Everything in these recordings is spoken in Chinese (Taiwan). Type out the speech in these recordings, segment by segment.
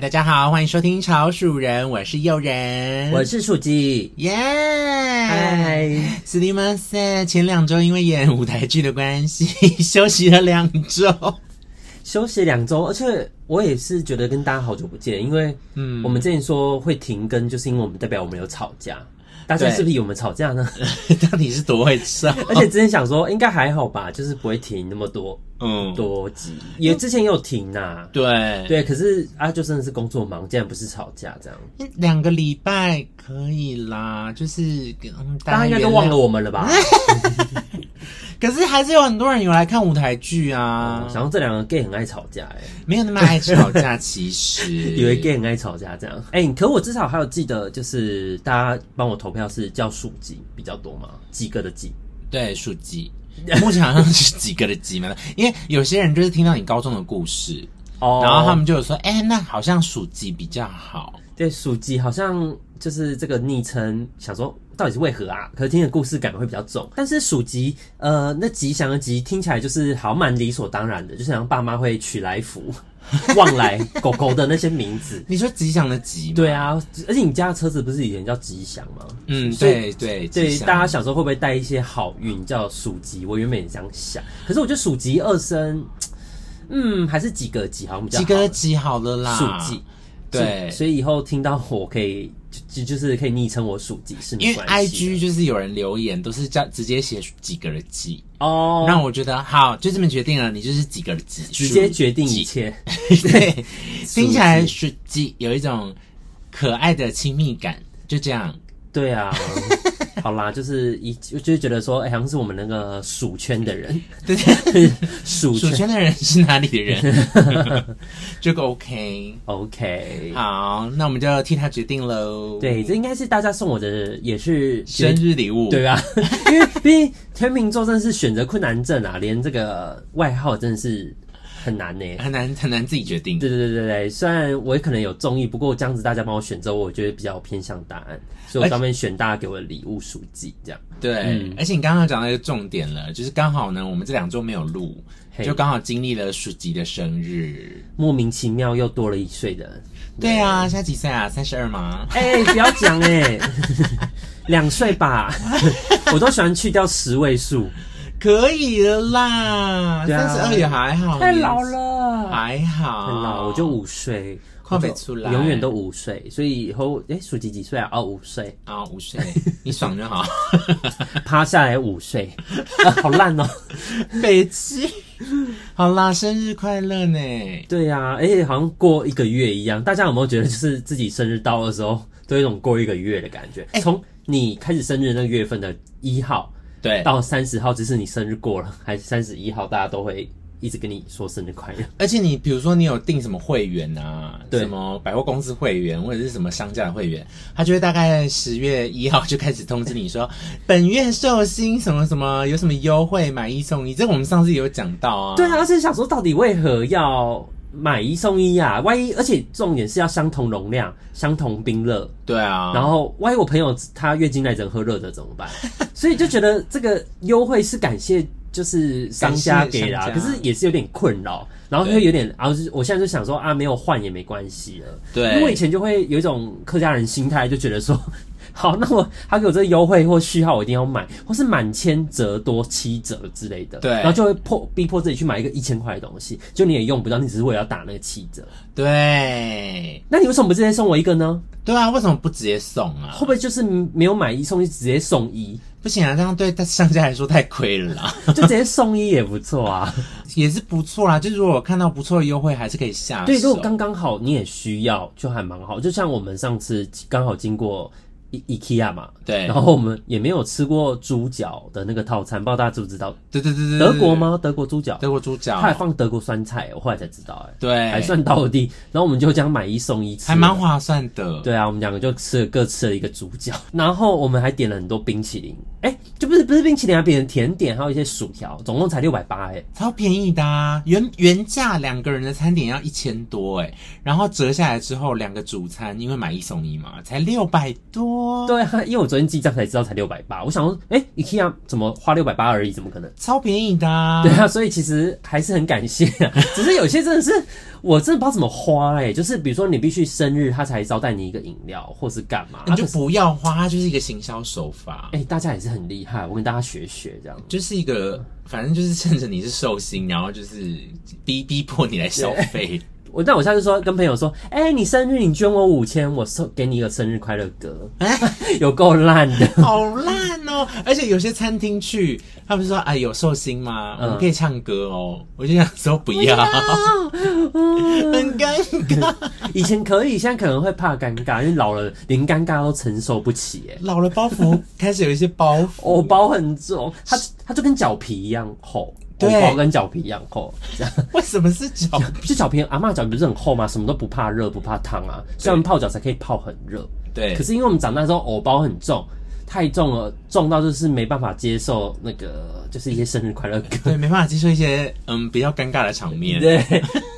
大家好，歡迎收聽《潮鼠人》，我是又仁，我是鼠幾，耶，嗨，斯蒂曼森，前兩周因為演舞台劇的關係休息了兩周，休息兩周，而且我也是覺得跟大家好久不見，因為嗯，我們之前說會停更，就是因為我們代表我們有吵架。大家是不是以為我們吵架呢？到底是多會吃啊？ 而且之前想說應該還好吧，就是不會停那麼多，嗯，多集也之前也有停吶、啊。對對，可是阿、啊、舅真的是工作忙，竟然不是吵架這樣。兩個禮拜可以啦，就是嗯，大家應該都忘了我們了吧？ 可是還是有很多人有來看舞台劇啊、嗯。想說這兩個 gay 很愛吵架、欸，哎，沒有那麼愛吵架， 其實以為 gay 很愛吵架這樣。哎、欸，可，可我至少我還有記得，就是大家幫我投票是叫鼠幾比較多嘛？幾個的幾，對，鼠幾， 目前好像是幾個的幾嘛。因為有些人就是聽到你高中的故事， 然，後然後他們就有說，哎、欸，那好像鼠幾比較好。對，鼠幾好像就是這個昵稱，想說。到底是為何啊？可是聽的故事感會比較重，但是“鼠吉”呃，那吉祥的“吉”聽起來就是好像蠻理所當然的，就是、像爸媽會取來福、旺來狗狗的那些名字。 你說吉祥的“吉”？對啊，而且你家的車子不是以前叫吉、嗯以“吉祥”嗎？嗯，對對對，大家小時候會不會帶一些好運叫“鼠吉”？我原本也這樣想，可是我覺得“鼠吉”二聲，嗯，還是幾個“幾”好像比較好，幾個“幾”好了啦。鼠幾，對，所以以後聽到火可以。就,就是可以昵稱我鼠幾，是的，因為 I G 就是有人留言都是叫直接寫幾個的幾哦，oh, 那我覺得好，就這麼決定了，你就是幾個的幾，直接決定一切，對,對，聽起來鼠幾有一種可愛的親密感，就這樣，對啊。 好啦，就是一，就是覺得說，誒、欸、好像是我們那個鼠圈的人，對,對,對 鼠圈， 鼠圈的人是哪裡的人？ 這個 OK，OK，、OK okay. 好，那我們就要替他決定嘍。對，這應該是大家送我的也，也是生日禮物，對吧？ 因為畢竟天秤座真的是選擇困難症啊，連這個外號真的是。很難呢、欸，很難，很難自己決定。對對對對雖然我也可能有中意，不過這樣子大家幫我選擇，我覺得比較偏向答案，所以我專門選大家給我的禮物鼠幾這樣。對，嗯、而且你剛剛講到一個重點了，就是剛好呢，我們這兩周沒有錄，hey, 就剛好經歷了鼠幾的生日，莫名其妙又多了一歲的。對啊，現在幾歲啊？三十二嗎？哎、欸，不要講哎、欸，兩 歲 歲吧， 我都喜歡去掉十位數。可以的啦，三十二也還好、嗯，太老了，還好。太老我就五歲，快被出來，永遠都五歲，所以以後哎，鼠、欸、幾幾歲啊？哦、oh,，五歲，啊，五歲，你爽就好， 趴下來五歲、 啊，好爛哦、喔， 北七。好啦，生日快樂呢！對呀、啊，而、欸、且好像過一個月一樣，大家有沒有覺得就是自己生日到的時候，都有一種過一個月的感覺？從你開始生日那個月份的一號。對，到三十號只是你生日過了，還是三十一號，大家都會一直跟你說生日快樂。而且你比如說你有訂什麼會員啊，對什麼百貨公司會員或者是什麼商家的會員，他就會大概十月一號就開始通知你說 本月壽星什麼什麼有什麼優惠，買一送一。這個、我們上次也有講到啊，對啊，是且想說到底為何要。買一送一啊！萬一而且重點是要相同容量，相同冰熱。對啊。然後萬一我朋友他月經來人喝熱的怎麼辦？ 所以就覺得這個優惠是感謝就是商家給的，可是也是有點困擾。然後會有點，然後、啊、我現在就想說啊，沒有換也沒關係了。對。因為以前就會有一種客家人心態，就覺得說。好，那我他給我這個優惠或序號，我一定要買，或是滿千折多七折之類的，對，然後就會迫逼迫自己去買一個一千塊的東西，就你也用不到，你只是為了要打那個七折。對，那你為什麼不直接送我一個呢？對啊，為什麼不直接送啊？會不會就是沒有買一送一，直接送一？不行啊，這樣對商家來說太虧了啦。 就直接送一也不錯啊， 也是不錯啦。就如果看到不錯的優惠，還是可以下。對，如果剛剛好你也需要，就還蠻好。就像我們上次剛好經過。IKEA 嘛，對，然後我們也沒有吃過豬腳的那個套餐，不知道大家知不知道？對對對對，德國嗎？德國豬腳，德國豬腳，他還放德國酸菜，我後來才知道，哎，對，還算道地。然後我們就講買一送一吃，還蠻划算的。對啊，我們兩個就吃了各吃了一個豬腳，然後我們還點了很多冰淇淋，哎，就不是不是冰淇淋啊，點的甜點，還有一些薯條，總共才六百八，哎，超便宜的啊。原原價兩個人的餐點要一千多，哎，然後折下來之後，兩個主餐因為買一送一嘛，才六百多。對、啊，因為我昨天記賬才知道才六百八，我想說，哎、欸，IKEA，怎麼花六百八而已，怎麼可能？超便宜的、啊。對啊，所以其實還是很感謝，只是有些真的是 我真的不知道怎麼花、欸，哎，就是比如說你必須生日他才招待你一個飲料或是幹嘛，你就不要花，他就是一個行銷手法。哎、欸，大家也是很厲害，我跟大家學學這樣。就是一個，反正就是趁着你是壽星，然後就是逼逼迫你來消費。我但我下次說跟朋友說，哎、欸，你生日你捐我五千，我送給你一個生日快樂歌，欸、 有夠爛的好爛、喔，好爛哦！而且有些餐廳去，他不是說哎，有壽星嗎？我們可以唱歌哦、喔嗯。我就想說不要，不要嗯、 很尷尷尬。 以前可以，現在可能會怕尷尬，因為老了連尷尬都承受不起、欸。誒老了包袱 開始有一些包袱，我、哦、包很重，它它就跟腳皮一樣厚。包跟腳皮一樣厚，這樣為什麼是腳皮？就腳皮，阿嬤腳皮不是很厚嗎？什麼都不怕熱，不怕燙啊，雖然泡腳才可以泡很熱。對，可是因為我們長大之後，偶包很重，太重了，重到就是沒辦法接受那個，就是一些生日快樂歌，對，沒辦法接受一些嗯比較尷尬的場面。對，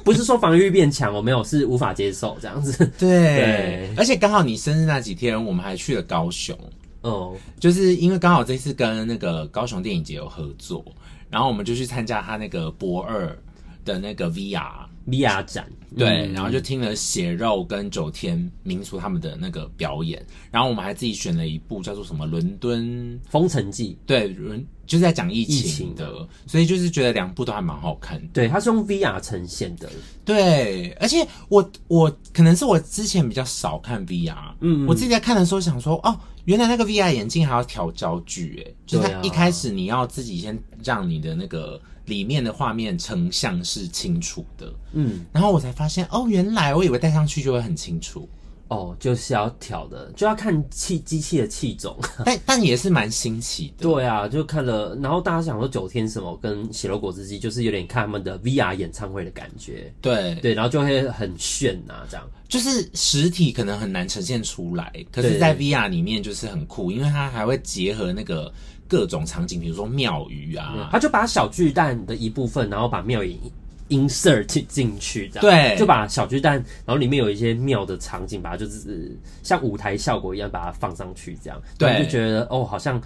不是說防禦變強我 沒有，是無法接受這樣子。對，對而且剛好你生日那幾天，我們還去了高雄，哦、嗯，就是因為剛好這次跟那個高雄電影節有合作。然後我們就去參加他那個駁二的那個 VR VR 展，對、嗯，然後就聽了血肉跟九天民俗他們的那個表演，嗯、然後我們還自己選了一部叫做什麼《倫敦封城記》，對，倫就是、在講疫情的疫情，所以就是覺得兩部都還蠻好看的。對，它是用 VR 呈現的，對，而且我我可能是我之前比較少看 VR，嗯，我自己在看的時候想說、嗯、哦。原來那個 VR 眼鏡還要調焦距，欸，哎，啊，就是它一開始你要自己先讓你的那個裡面的畫面成像是清楚的，嗯，然後我才發現哦，原來我以為戴上去就會很清楚。哦、oh，就是要挑的，就要看器機器的器種，但但也是蠻新奇的。 對啊，就看了，然後大家想說九天什麼跟血肉果汁機，就是有點看他們的 V R 演唱會的感覺。對對，然後就會很炫吶、啊，這樣。就是實體可能很難呈現出來，可是，在 V R 裡面就是很酷，因為它還會結合那個各種場景，比如說廟宇啊，它、嗯、就把小巨蛋的一部分，然後把廟宇。insert 進去這樣，對，就把小巨蛋，然後裡面有一些妙的場景，把它就是像舞台效果一樣把它放上去這樣，對，然後就覺得哦，好像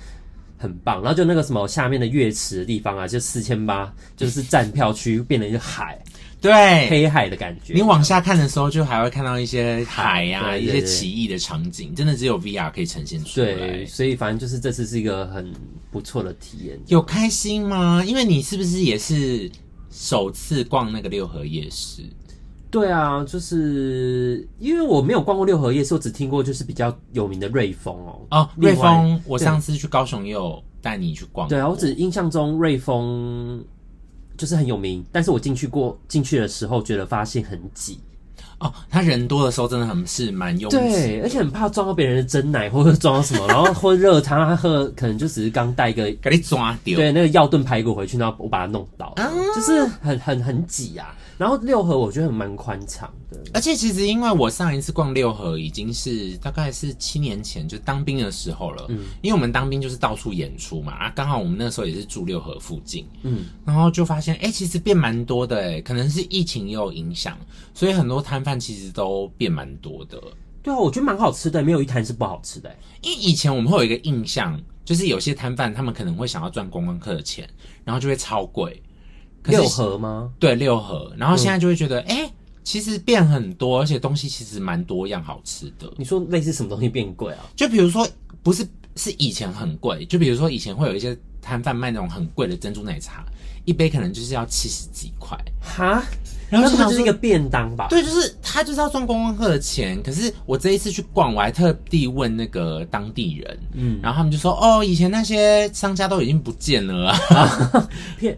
很棒。然後就那個什麼下面的樂池的地方啊，就四千八，就是站票區變成一個海，對，黑海的感覺。你往下看的時候，就還會看到一些海啊，海。對對對，一些奇異的場景，真的只有 VR 可以呈現出來。對，所以反正就是這次是一個很不錯的體驗。有開心嗎？因為你是不是也是？首次逛那個六合夜市，對啊，就是因為我沒有逛過六合夜市，我只聽過就是比較有名的瑞豐、喔、哦。啊，瑞豐，我上次去高雄也有帶你去逛。對啊，我只印象中瑞豐就是很有名，但是我進去過，進去的時候覺得發現很擠。哦，他人多的時候真的很是蠻擁擠，對，而且很怕撞到別人的珍奶或者撞到什麼， 然後喝熱湯，他喝可能就只是剛帶一個給你抓掉，對，那個藥燉排骨回去，然後我把它弄倒，啊，就是很很很擠啊。然後六合我覺得很蠻寬敞的，而且其實因為我上一次逛六合已經是大概是七年前，就當兵的時候了，嗯，因為我們當兵就是到處演出嘛，啊，剛好我們那時候也是住六合附近，嗯，然後就發現哎、欸，其實變蠻多的哎、欸，可能是疫情也有影響，所以很多攤販其實都變蠻多的。對啊，我覺得蠻好吃的，沒有一攤是不好吃的、欸，因為以前我們會有一個印象，就是有些攤販他們可能會想要賺觀光客的錢，然後就會超貴。六合嗎？對，六合。然後現在就會覺得，哎、嗯欸，其實變很多，而且東西其實蠻多樣，好吃的。你說類似什麼東西變貴啊？就比如說，不是是以前很貴，就比如說以前會有一些攤販賣那種很貴的珍珠奶茶，一杯可能就是要七十幾塊。哈。那可能就是、他是一個便當吧。對，就是他就是要賺觀光客的錢。可是我這一次去逛，我還特地問那個當地人，嗯，然後他們就說：“哦，以前那些商家都已經不見了啊，騙啊，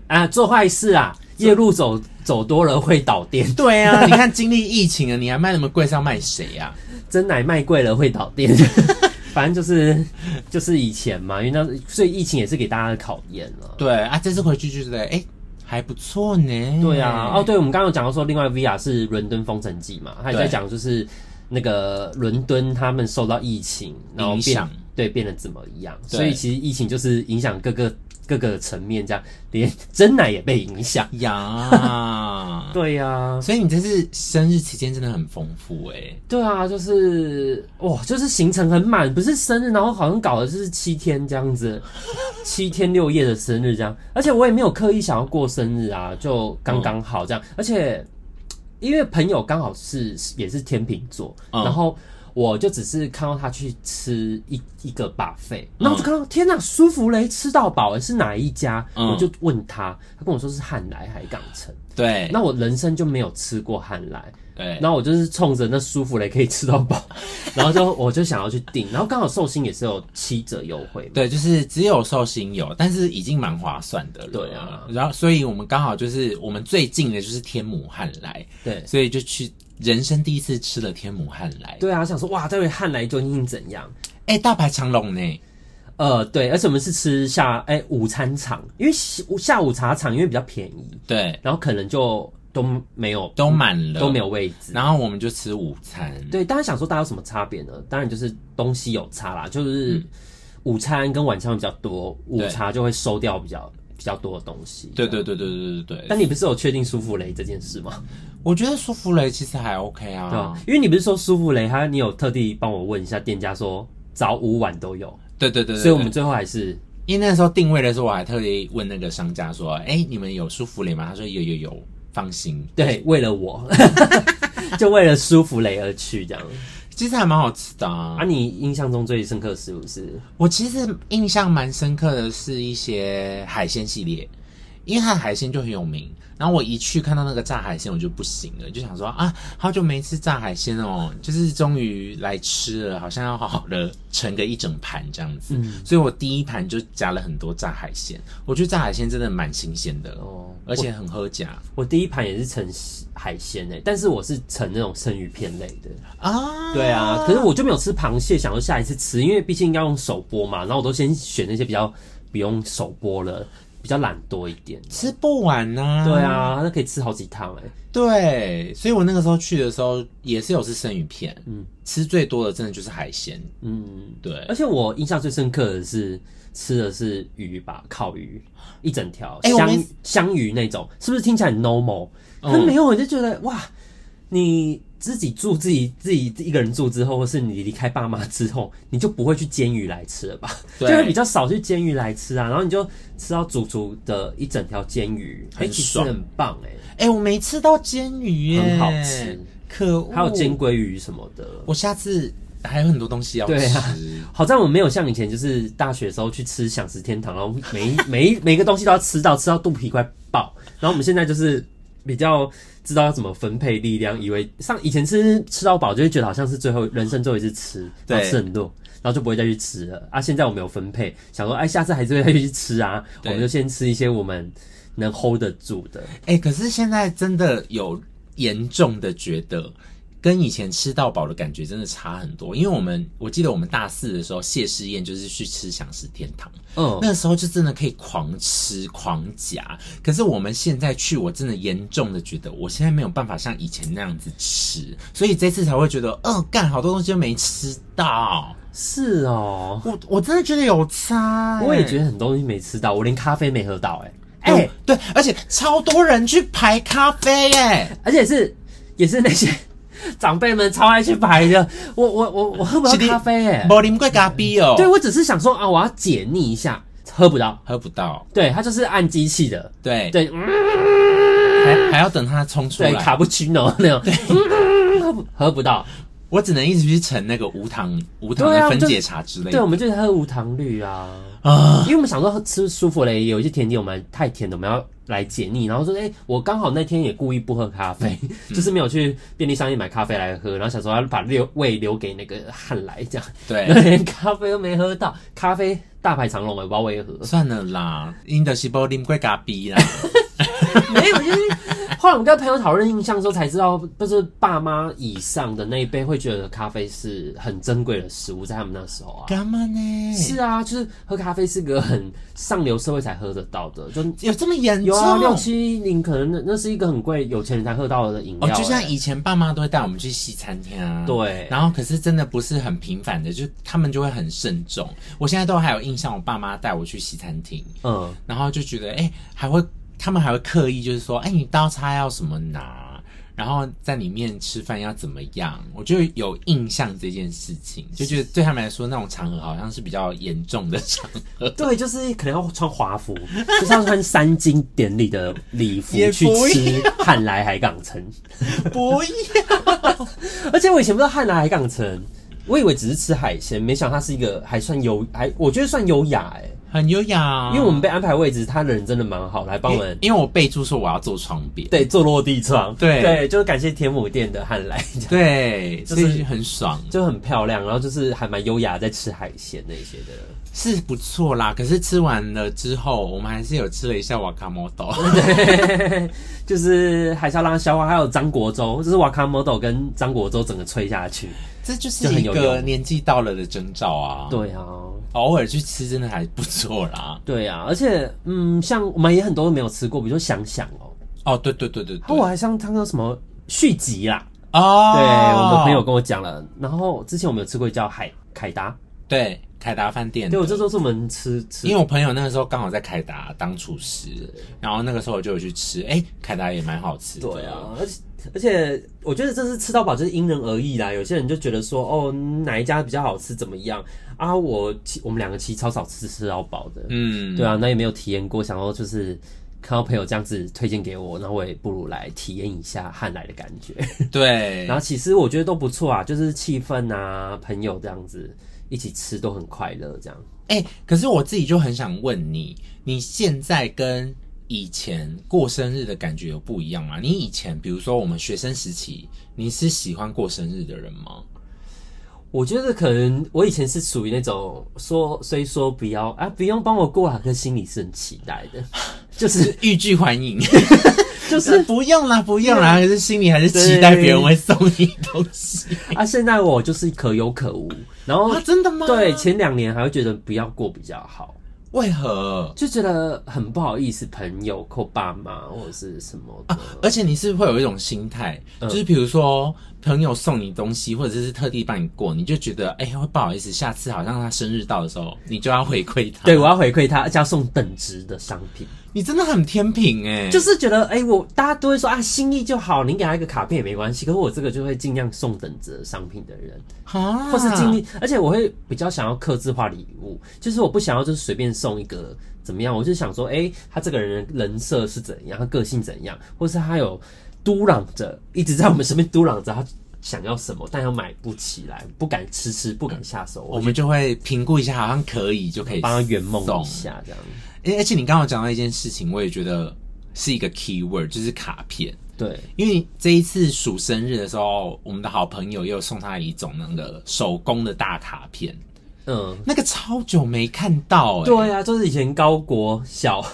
啊，做壞事啊，夜路走走，走多了會倒店。”對啊， 你看經歷疫情了，你還賣那麼貴是要賣誰啊？珍奶賣貴了會倒店， 反正就是就是以前嘛，因為那所以疫情也是給大家的考驗了。對啊，這次回去就是誒還不錯呢。對啊，哦，對，我們剛剛有講到說，另外 VR 是《倫敦封城記》嘛，還在講就是那個倫敦他們受到疫情，然後變對變得怎麼樣，所以其實疫情就是影響各個。各個層面這樣，連珍奶也被影響呀！啊、 對呀、啊，所以你這次生日期間真的很豐富哎、欸。對啊，就是哇，就是行程很滿，不是生日，然後好像搞的就是七天這樣子， 七天六夜的生日這樣。而且我也沒有刻意想要過生日啊，就剛剛好這樣。嗯、而且因為朋友剛好是也是天秤座，嗯、然後。我就只是看到他去吃一一個 buffet，然後我就看到、嗯、天哪，舒芙蕾吃到飽、欸，是哪一家、嗯？我就問他，他跟我說是漢來海港城。對，那我人生就沒有吃過漢來，對，那我就是衝着那舒芙蕾可以吃到飽，然後就我就想要去訂， 然後剛好壽星也是有七折優惠，對，就是只有壽星有，但是已經蠻划算的了，對啊，然後所以我們剛好就是我們最近的就是天母漢來，對，所以就去。人生第一次吃了天母漢來，對啊，想說哇，這位漢來究竟怎樣？哎、欸，大排長龍呢？呃，對，而且我們是吃下哎、欸、午餐場，因為下午茶場因為比較便宜，對，然後可能就都沒有都滿了、嗯，都沒有位置，然後我們就吃午餐。嗯、對，當然想說大家有什麼差別呢？當然就是東西有差啦，就是、嗯、午餐跟晚餐比較多，午茶就會收掉比較比較多的東西。對對對對對對對，對，對。但你不是有確定舒芙蕾這件事嗎？我覺得舒芙蕾其實還 OK 啊，對，因為你不是說舒芙蕾，他你有特地幫我問一下店家說早午晚都有，對對，對對對，所以我們最後還是，因為那時候定位的時候，我還特地問那個商家說，哎、欸，你們有舒芙蕾嗎？他說有有有，放心，對，為了我， 就為了舒芙蕾而去這樣， 其實還蠻好吃的啊。啊，你印象中最深刻是不是？我其實印象蠻深刻的是一些海鮮系列。因為它的海鮮就很有名，然後我一去看到那個炸海鮮，我就不行了，就想說啊，好久沒吃炸海鮮哦，就是終於來吃了，好像要好好的盛個一整盤這樣子。嗯，所以我第一盤就夾了很多炸海鮮，我覺得炸海鮮真的蠻新鮮的哦，而且很喝腳。我第一盤也是盛海鮮誒、欸，但是我是盛那種生魚片類的啊，對啊，可是我就沒有吃螃蟹，想要下一次吃，因為畢竟應該要用手剝嘛，然後我都先選那些比較不用手剝了。比較懶多一點，吃不完啊。對啊，那可以吃好幾趟哎。對，所以我那個時候去的時候也是有吃生魚片，嗯，吃最多的真的就是海鮮，嗯，對。而且我印象最深刻的是吃的是魚吧，烤魚，一整條、欸、香香魚那種，是不是聽起來很 normal？它沒有，我就覺得、嗯、哇，你。自己住自己自己一個人住之後，或是你離開爸媽之後，你就不會去煎魚來吃了吧對？就會比較少去煎魚來吃啊。然後你就吃到主廚的一整條煎魚，很爽，其實很棒哎、欸。哎、欸，我沒吃到煎魚、欸，很好吃，可惡，還有煎鮭魚什麼的。我下次還有很多東西要吃。對啊、好像我們沒有像以前，就是大學的時候去吃享食天堂，然後每每， 每一每個東西都要吃到吃到肚皮快爆。然後我們現在就是比較。知道要怎麼分配力量，以為上，以前吃吃到飽就會覺得好像是最後人生最後一次吃，對，然後吃很多，然後就不會再去吃了啊。現在我沒有分配，想說哎、啊，下次還是會再去吃啊，我們就先吃一些我們能 hold 得住的。哎、欸，可是現在真的有嚴重的覺得。跟以前吃到飽的感覺真的差很多，因為我們我記得我們大四的時候謝師宴就是去吃饗食天堂，嗯、呃，那個時候就真的可以狂吃狂夾，可是我們現在去，我真的嚴重的覺得我現在沒有辦法像以前那樣子吃，所以這次才會覺得嗯，幹、呃、好多東西都沒吃到，是哦、喔，我我真的覺得有差、欸，我也覺得很多東西沒吃到，我連咖啡沒喝到、欸，哎、欸，哎、欸、對，而且超多人去排咖啡、欸，哎，而且是也是那些。長輩們超愛去排的，我我我我喝不到咖啡耶，欸，你沒啉過咖啡哦？喔。對，我只是想說啊，我要解膩一下，喝不到，喝不到。對，它就是按機器的，對對、嗯，還還要等它沖出來，對，卡布奇諾那種、嗯，喝不喝不到，我只能一直去盛那個無糖無糖的分解茶之類的對、啊。對，我們就是喝無糖綠啊啊，因為我們想說吃舒服嘞，有一些甜點我們太甜的我們要來解膩，然後說：“哎、欸，我剛好那天也故意不喝咖啡，嗯、 就是沒有去便利商店買咖啡來喝，然後想說要把留胃留給那個漢來這樣，對，連咖啡都沒喝到，咖啡。”大排長龍誒，我不知道為何算了啦。因為 d o s 啦， 沒有就是。後來我們跟朋友討論印象的時候才知道，就是爸媽以上的那一輩會覺得咖啡是很珍貴的食物，在他們那時候啊，幹嘛呢？是啊，就是喝咖啡是個很上流社會才喝得到的，就有這麼嚴重？有啊，六七零可能那那是一個很貴，有錢人才喝到的飲料，哦。就像以前爸媽都會帶我們去西餐廳啊，嗯，對。然後可是真的不是很頻繁的，就他們就會很慎重。我現在都還有印。像我爸媽帶我去西餐廳，嗯，然後就覺得，哎，還會他們還會刻意就是說，哎，你刀叉要什麼拿，然後在裡面吃飯要怎麼樣，我就有印象這件事情，就覺得對他們來說那種場合好像是比較嚴重的場合，對，就是可能要穿華服， 就是要穿三金典禮的禮服去吃漢來海港城， 不要， 而且我以前不知道漢來海港城。我以為只是吃海鮮，沒想到它是一個還算優，還我覺得算優雅誒、欸、很優雅、啊。因為我們被安排的位置，他的人真的蠻好，來幫我們、欸。因為我備注說我要坐窗邊，對，坐落地窗，對，對，就是感謝天母店的漢來的。對，就是很爽，就很漂亮，然後就是還蠻優雅在吃海鮮那些的，是不錯啦。可是吃完了之後，我們還是有吃了一下 Wakamoto，就是海沙拉小花還有張國周，就是 Wakamoto 跟張國周整個吹下去。這就是一個年紀到了的徵兆啊！對啊，偶爾去吃真的還不錯啦。對啊，而且嗯，像我們也很多都沒有吃過，比如說想想哦，哦對，對對對對，對。我還像他那個什麼續集啦啊、哦，對我們朋友跟我講了，然後之前我們有吃過叫海凱達，對。凱達飯店的，對我這時候是我們吃吃，因為我朋友那個時候剛好在凱達當廚師，然後那個時候我就有去吃，哎、欸，凱達也蠻好吃的，啊，對啊，而且而且我覺得這是吃到飽，就是因人而異啦。有些人就覺得說，哦，哪一家比較好吃，怎麼樣啊？我我們兩個其實超少吃吃到飽的，嗯，對啊，那也沒有體驗過，想說就是看到朋友這樣子推薦給我，那我也不如來體驗一下漢來的感覺，對。 然後其實我覺得都不錯啊，就是氣氛啊，朋友這樣子。一起吃都很快樂，這樣。哎、欸，可是我自己就很想問你，你現在跟以前過生日的感覺有不一樣嗎？你以前，比如說我們學生時期，你是喜歡過生日的人嗎？我覺得可能我以前是屬於那種說，雖說不要啊，不用幫我過啊，跟心裡是很期待的，就是欲拒還迎， 就是、 就是不用啦，不用啦，嗯、可是心裡還是期待別人會送你東西 啊。現在我就是可有可無。然後、啊、真的嗎？對，前兩年還會覺得不要過比較好，為何？就覺得很不好意思，朋友扣爸或爸媽或者是什麼的啊？而且你是，不是會有一種心態、嗯，就是比如說朋友送你東西，或者是，是特地幫你過，你就覺得哎會、欸、不好意思，下次好像他生日到的時候，你就要回饋他， 對，我要回饋他，而且要送等值的商品。你真的很天秤哎，就是覺得哎、欸，我大家都會說啊，心意就好，你給他一個卡片也沒關係。可是我這個就會盡量送等值商品的人，哈或是經，而且我會比較想要客製化禮物，就是我不想要就是隨便送一個怎麼樣，我就想說，哎、欸，他這個人人設是怎樣，他個性怎樣，或是他有嘟嚷着一直在我們身邊嘟嚷着他想要什麼，但又買不起來，不敢遲遲不敢下手，嗯、我們就會評估一下，好像可以就可以幫他圓夢一下這樣。誒，而且你剛剛有講到一件事情，我也覺得是一個 keyword，就是卡片。對，因為這一次鼠生日的時候，我們的好朋友又送他一種那個手工的大卡片。嗯、呃，那個超久沒看到、欸。對啊，這、就是以前高國小、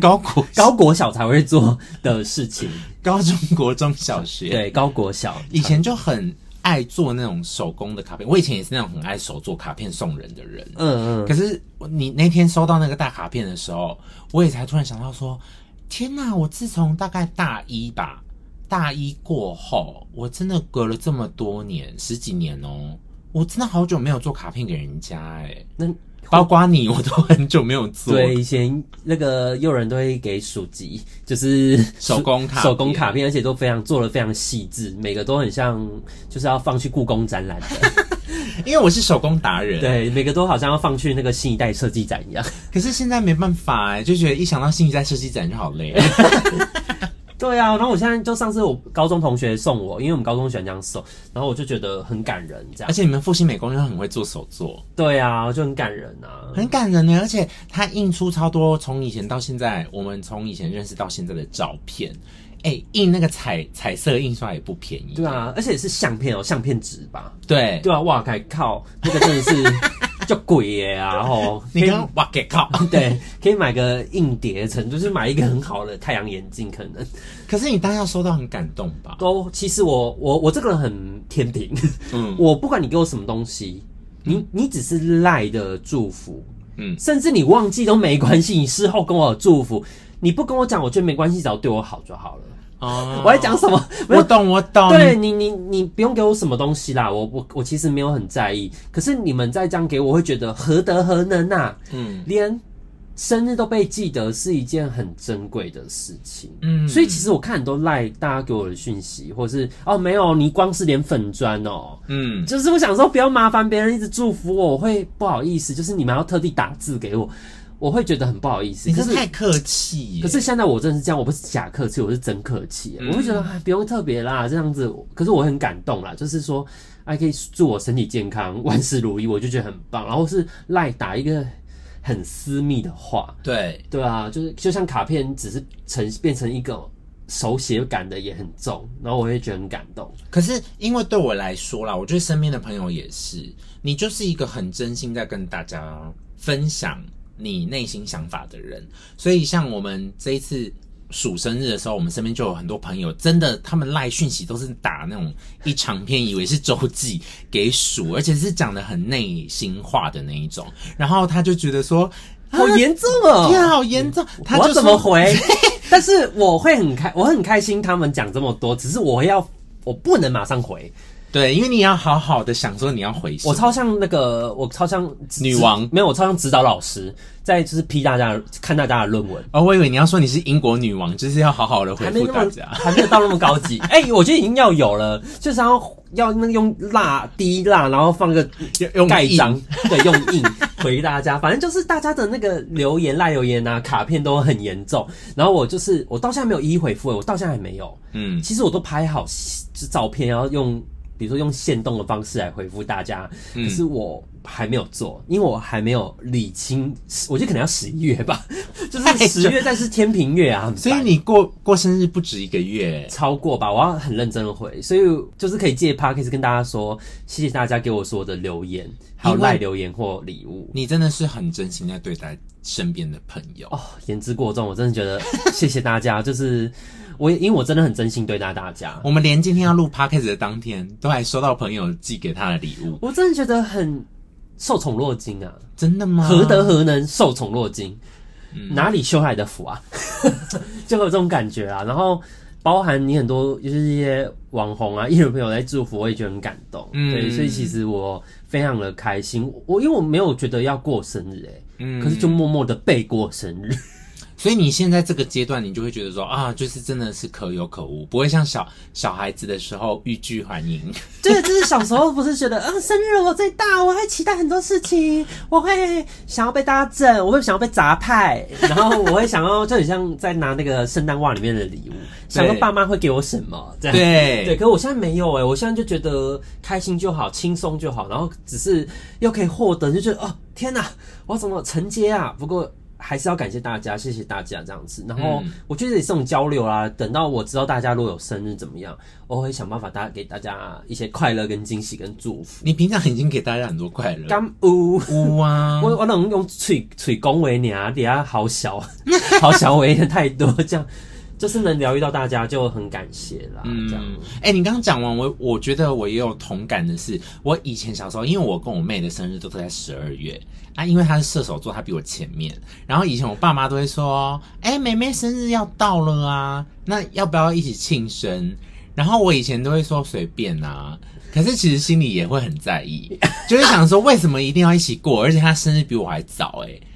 高國 高國小才會做的事情，高中國中小學對高國小以前就很。愛做那種手工的卡片，我以前也是那種很愛手做卡片送人的人。嗯嗯，可是你那天收到那個大卡片的時候，我也才突然想到說：天哪！我自從大概大一吧，大一過後，我真的隔了這麼多年，十幾年哦，我真的好久沒有做卡片給人家哎。嗯包括你，我都很久沒有做。對，以前那個又仁都會給鼠幾，就是手工卡、手工卡片，而且都非常做得非常細緻，每個都很像，就是要放去故宮展覽的。 因為我是手工達人，對，每個都好像要放去那個新一代設計展一樣。可是現在沒辦法哎，就覺得一想到新一代設計展就好累。 對啊，然後我現在就上次我高中同學送我，因為我們高中喜歡這樣送，然後我就覺得很感人，這樣。而且你們復興美工就很會做手作。對啊，就很感人啊，很感人呢。而且他印出超多，從以前到現在，我們從以前認識到現在的照片，哎，印那個彩彩色印刷也不便宜。對啊，而且是相片哦，相片紙吧。對。對啊，哇靠，那個真的是。 就貴耶啊！然後可以你剛哇給靠， 對，可以買個硬疊層，就是買一個很好的太陽眼鏡，可能。 可是你當下收到很感動吧？都，其實我我我這個人很天平， 嗯，我不管你給我什麼東西，你你只是賴的祝福，嗯，甚至你忘記都沒關係，你事後跟我有祝福，你不跟我講，我覺得沒關係，只要對我好就好了。哦、oh，我在講什麼？我懂，我懂。 對，你，你，你不用給我什麼東西啦，我，我，我其實沒有很在意。可是你們再這樣給我，我會覺得何德何能吶、啊？嗯，連生日都被記得是一件很珍貴的事情。嗯，所以其實我看很多賴、like、大家給我的訊息，或者是哦，喔、沒有，你光是連粉專哦、喔，嗯，就是我想說，不要麻煩別人一直祝福我，我會不好意思。就是你們要特地打字給我。我會覺得很不好意思，你是可是太客氣。可是現在我真的是這樣，我不是假客氣，我是真客氣、嗯。我會覺得不用特別啦，這樣子。可是我很感動啦，就是說還可以祝我身體健康，萬事如意，我就覺得很棒。然後是賴打一個很私密的話，對對啊，就是就像卡片，只是成變成一個手寫感的也很重，然後我會覺得很感動。可是因為對我來說啦，我覺得身邊的朋友也是，你就是一個很真心在跟大家分享你內心想法的人，所以像我們這一次鼠生日的時候，我們身邊就有很多朋友，真的他們賴訊息都是打那種一長篇，以為是周記給鼠，而且是講的很內心話的那一種，然後他就覺得說、啊、好嚴重哦、喔，天好嚴重，他怎麼回？ 但是我會很開，我很開心他們講這麼多，只是我要我不能馬上回。對，因為你要好好的想說你要回。我超像那個，我超像女王，沒有，我超像指導老師，在就是批大家看大家的論文。哦，我以為你要說你是英國女王，就是要好好的回復大家，還沒有到那麼高級。哎、 欸，我覺得已經要有了，就是要要那用蠟滴蠟，然後放個蓋章對，用印 回大家。反正就是大家的那個留言、賴 留言啊、卡片都很嚴重。然後我就是我到現在沒有一一回復，我到現在還沒有。嗯，其實我都拍好就照片，然後用。比如說用限動的方式來回復大家，嗯，可是我。還沒有做，因為我還沒有理清，我覺得可能要十一月吧， 就是十月，再是天秤月啊，很所以你過過生日不止一個月，超過吧？我要很認真的回，所以就是可以借 Podcast 跟大家說，謝謝大家給我說的留言，還有賴留言或禮物，你真的是很真心在對待身邊的朋友哦，言之過重，我真的覺得謝謝大家， 就是我因為我真的很真心對待大家，我們連今天要錄 Podcast 的當天，嗯，都還收到朋友寄給他的禮物，我真的覺得很。受寵若驚啊！真的嗎？何德何能受寵若驚、嗯？哪裡修來的福啊？ 就有這種感覺啊。然後包含你很多就是一些網紅啊、藝人朋友來祝福，我也覺得很感動、嗯。對，所以其實我非常的開心。我因為我沒有覺得要過生日、欸，哎，可是就默默的被過生日。嗯 所以你現在這個階段，你就會覺得說啊，就是真的是可有可無，不會像小小孩子的時候欲拒還迎。對，就是小時候不是覺得， 啊，生日我最大，我會期待很多事情，我會想要被大家整，我會想要被砸派， 然後我會想要，就很像在拿那個聖誕襪裡面的禮物， 想要爸媽會給我什麼。這樣，對對，可我現在沒有哎、欸，我現在就覺得開心就好，輕鬆就好，然後只是又可以獲得，就覺得哦，天哪、啊，我怎麼承接啊？不過。還是要感謝大家，謝謝大家這樣子。然後我覺得也是這種交流啦、啊。等到我知道大家如果有生日怎麼樣，我會想辦法大給大家一些快樂、跟驚喜、跟祝福。你平常已經給大家很多快樂，幹嗚嗚啊！ 我我能用嘴嘴恭維你啊，底下好小好小，維 的 太多這樣。就是能療癒到大家就很感謝啦。嗯、這樣。哎、欸，你剛剛講完，我我覺得我也有同感的是，我以前小時候，因為我跟我妹的生日都是在十二月，啊，因為她是射手座，她比我前面。然後以前我爸媽都會說：“哎、欸，妹妹生日要到了啊，那要不要一起慶生？”然後我以前都會說隨便啊，可是其實心裡也會很在意， 就是想說為什麼一定要一起過，而且她生日比我還早、欸，哎。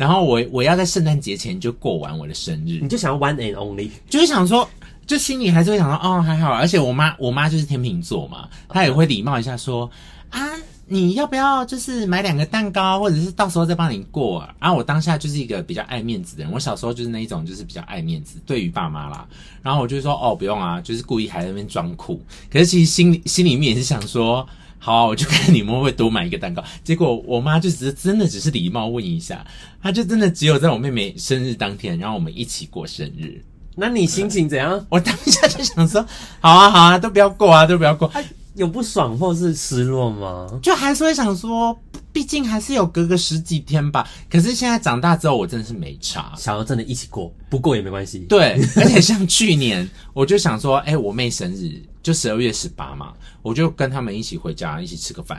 然後我我要在聖誕節前就過完我的生日，你就想要 one and only，就是想說，就心裡還是會想說，哦，還好，而且我媽我媽就是天秤座嘛，okay. 她也會禮貌一下說，啊，你要不要就是買兩個蛋糕，或者是到時候再幫你過啊。啊，我當下就是一個比較愛面子的人，我小時候就是那一種，就是比較愛面子，對於爸媽啦，然後我就說，哦，不用啊，就是故意還在那邊裝酷，可是其實心裡心裡面也是想說。好、啊，我就看你們會多買一個蛋糕。結果我媽就只是真的只是禮貌問一下，她就真的只有在我妹妹生日當天，然後我們一起過生日。那你心情怎樣？我當下就想說，好啊，好啊，都不要過啊，都不要過、啊。有不爽或是失落嗎？就還是會想說，畢竟還是有隔個十幾天吧。可是現在長大之後，我真的是沒差，想要真的一起過，不過也沒關係。對，而且像去年， 我就想說，哎、欸，我妹生日就十二月十八嘛。我就跟他們一起回家，一起吃個飯。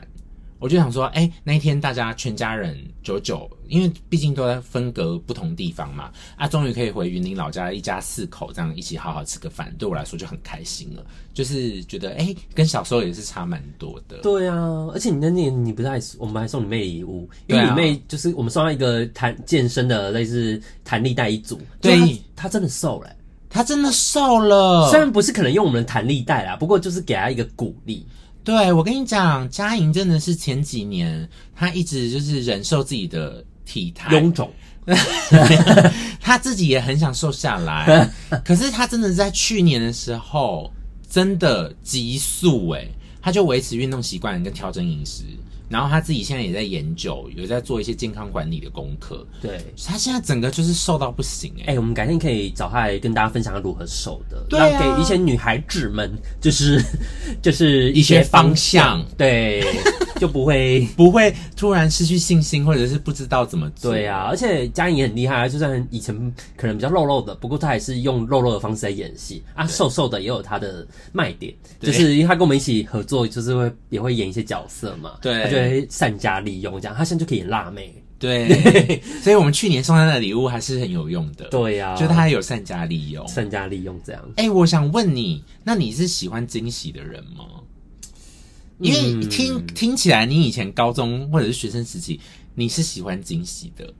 我就想說，哎、欸，那一天大家全家人久久，因為畢竟都在分隔不同地方嘛，啊，終於可以回雲林老家，一家四口這樣一起好好吃個飯，對我來說就很開心了。就是覺得，哎、欸，跟小時候也是差蠻多的。對啊，而且你那年你不是還我們還送你妹禮物，啊，因為你妹就是我們送到一個彈健身的類似彈力帶一組，對她，她真的瘦了、欸。他真的瘦了，雖然不是可能用我們的彈力帶啦，不過就是給他一個鼓勵。對，我跟你講，佳穎真的是前幾年，他一直就是忍受自己的體態臃腫，種 他自己也很想瘦下來。 可是他真的是在去年的時候，真的急速誒、欸，他就維持運動習慣跟調整飲食。然後他自己現在也在研究，有在做一些健康管理的功課。對，所以他現在整個就是瘦到不行哎、欸欸。我們改天可以找他來跟大家分享他如何瘦的，讓、啊、給一些女孩子們，就是就是一些方向，方向對， 就不會不會突然失去信心，或者是不知道怎麼做。對啊，而且佳穎也很厲害，啊，就算以前可能比較肉肉的，不過她還是用肉肉的方式在演戲啊，瘦瘦的也有她的賣點。對，就是因為她跟我們一起合作，就是會也會演一些角色嘛，對。而且對善加利用，這樣他現在就可以辣妹。對， 所以我們去年送他的禮物還是很有用的。對呀、啊，就他還有善加利用，善加利用這樣。哎、欸，我想問你，那你是喜歡驚喜的人嗎？因為、嗯、聽聽起來，你以前高中或者是學生時期，你是喜歡驚喜的。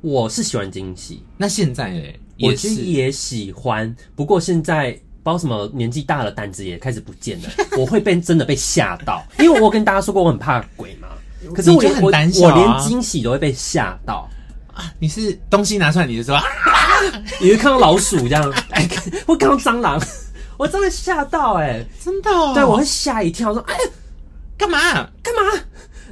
我是喜歡驚喜，那現在哎，我其實也喜歡也，不過現在。包什麼年紀大的膽子也開始不見了，我會被真的被嚇到，因為我跟大家說過我很怕鬼嘛。 可是就我很難、啊、我，我連驚喜都會被嚇到、啊、你是東西拿出來你就說、啊啊，你會看到老鼠這樣， 哎，會看，看到蟑螂，我真的嚇到哎、欸，真的、哦。對，我會嚇一跳，說哎，幹嘛、啊、幹嘛？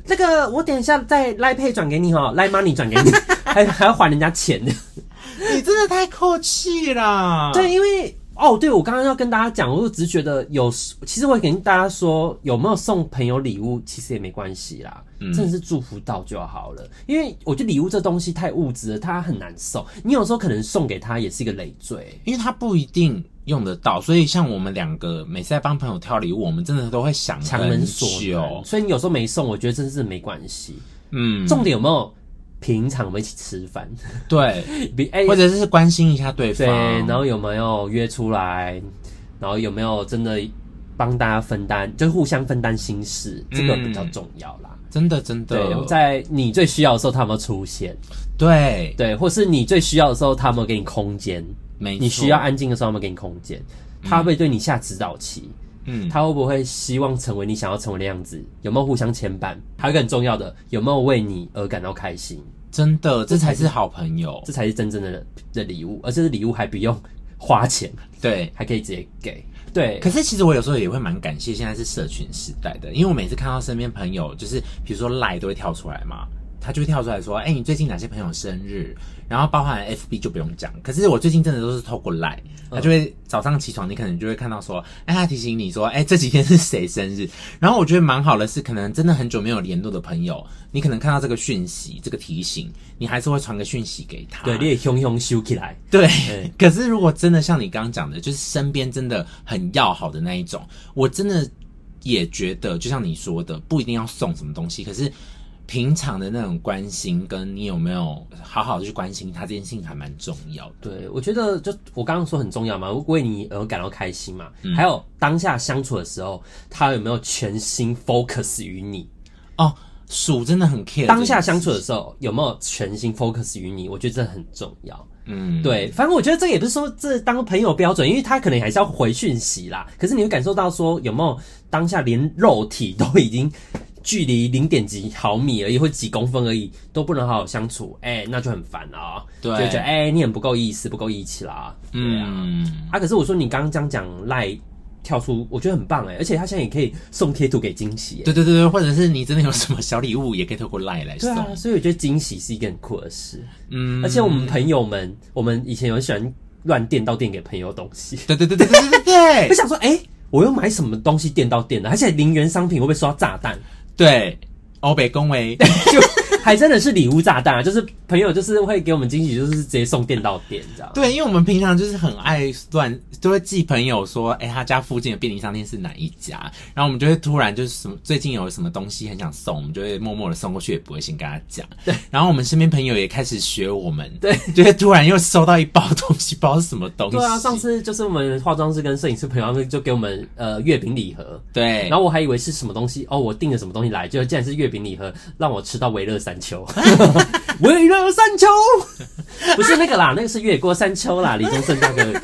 這、那個我等一下再 Line Pay 轉給你哦，Line money 轉給你， 還還要還人家錢的， 你真的太客氣了。對，因為。哦、oh，對，我剛剛要跟大家講，我只覺得有，其實我跟大家說，有沒有送朋友禮物，其實也沒關係啦，真的是祝福到就好了。嗯、因為我覺得禮物這東西太物質了，他很難送。你有時候可能送給他也是一個累贅，因為他不一定用得到。所以像我們兩個每次在幫朋友挑禮物，我們真的都會想很久，強人所難。所以你有時候沒送，我覺得真的是沒關係。嗯，重點有沒有？平常我們一起吃飯，對，比、 欸、或者是關心一下對方，對，然後有沒有約出來，然後有沒有真的幫大家分擔，就互相分擔心事，這個比較重要啦。嗯、真的，真的，對。在你最需要的時候他們出現，對對，或是你最需要的時候他們給你空間，沒錯，你需要安靜的時候他們給你空間，他會，會對你下指導棋。嗯嗯，他會不會希望成為你想要成為的樣子？有沒有互相牽絆？還有一個很重要的，有沒有為你而感到開心？真的，這才是，這才是好朋友，這才是真正的的禮物，而這個禮物還不用花錢，對，還可以直接給。對，可是其實我有時候也會蠻感謝現在是社群時代的，因為我每次看到身邊朋友，就是比如說賴都會跳出來嘛。他就會跳出來說：“哎、欸，你最近哪些朋友生日？”然後包含 FB 就不用講。可是我最近真的都是透過 Line，嗯，他就會早上起床，你可能就會看到說：“哎、欸，他提醒你說，哎、欸，這幾天是誰生日？”然後我覺得蠻好的是，可能真的很久沒有聯絡的朋友，你可能看到這個訊息、這個提醒，你還是會傳個訊息給他。對，你也雄雄修起來。對。對。可是如果真的像你剛剛講的，就是身邊真的很要好的那一種，我真的也覺得，就像你說的，不一定要送什麼東西，可是。平常的那種關心，跟你有沒有好好的去關心他這件事情還蠻重要的。對，我覺得就我剛剛說很重要嘛，為你而感到開心嘛。嗯、還有當下相處的時候，他有沒有全心 focus 於你？哦，鼠真的很 care。當下相處的時候、嗯、有沒有全心 focus 於你？我覺得這很重要。嗯，對，反正我覺得這個也不是說這當朋友標準，因為他可能還是要回訊息啦。可是你會感受到說有沒有當下連肉體都已經。距離零點幾毫米而已，或幾公分而已，都不能好好相處，哎、欸，那就很煩啊、喔。對，就覺得哎、欸，你很不夠意思，不夠義氣啦、喔啊。嗯，啊，可是我說你剛剛這樣講 Line 跳出，我覺得很棒哎，而且他現在也可以送貼圖給驚喜。對對對對，或者是你真的有什麼小禮物，也可以透過 Line 來送。對啊，所以我覺得驚喜是一個很酷的事。嗯，而且我們朋友們，我們以前有人喜歡亂電到電給朋友東西。對對對對對對對，對， 我想說，哎、欸，我又買什麼東西電到電了？而且零元商品會不會收到炸彈？.對，歐北恭維。 還真的是禮物炸彈啊！就是朋友就是會給我們驚喜，就是直接送店到店，這樣對。因為我們平常就是很愛亂，都會寄朋友說，哎、欸，他家附近的便利商店是哪一家？然後我們就會突然就是什麼最近有什麼東西很想送，我們就會默默的送過去，也不會先跟他講。對。然後我們身邊朋友也開始學我們，對，就會突然又收到一包東西，不知道是什麼東西。對啊，上次就是我們化妝師跟攝影師朋友就給我們呃月餅禮盒。對。然後我還以為是什麼東西哦，我訂了什麼東西來，就竟然是月餅禮盒，讓我吃到維樂山。 微熱山丘，微熱山丘，不是那個啦，那個是越過山丘啦， 李宗盛那個。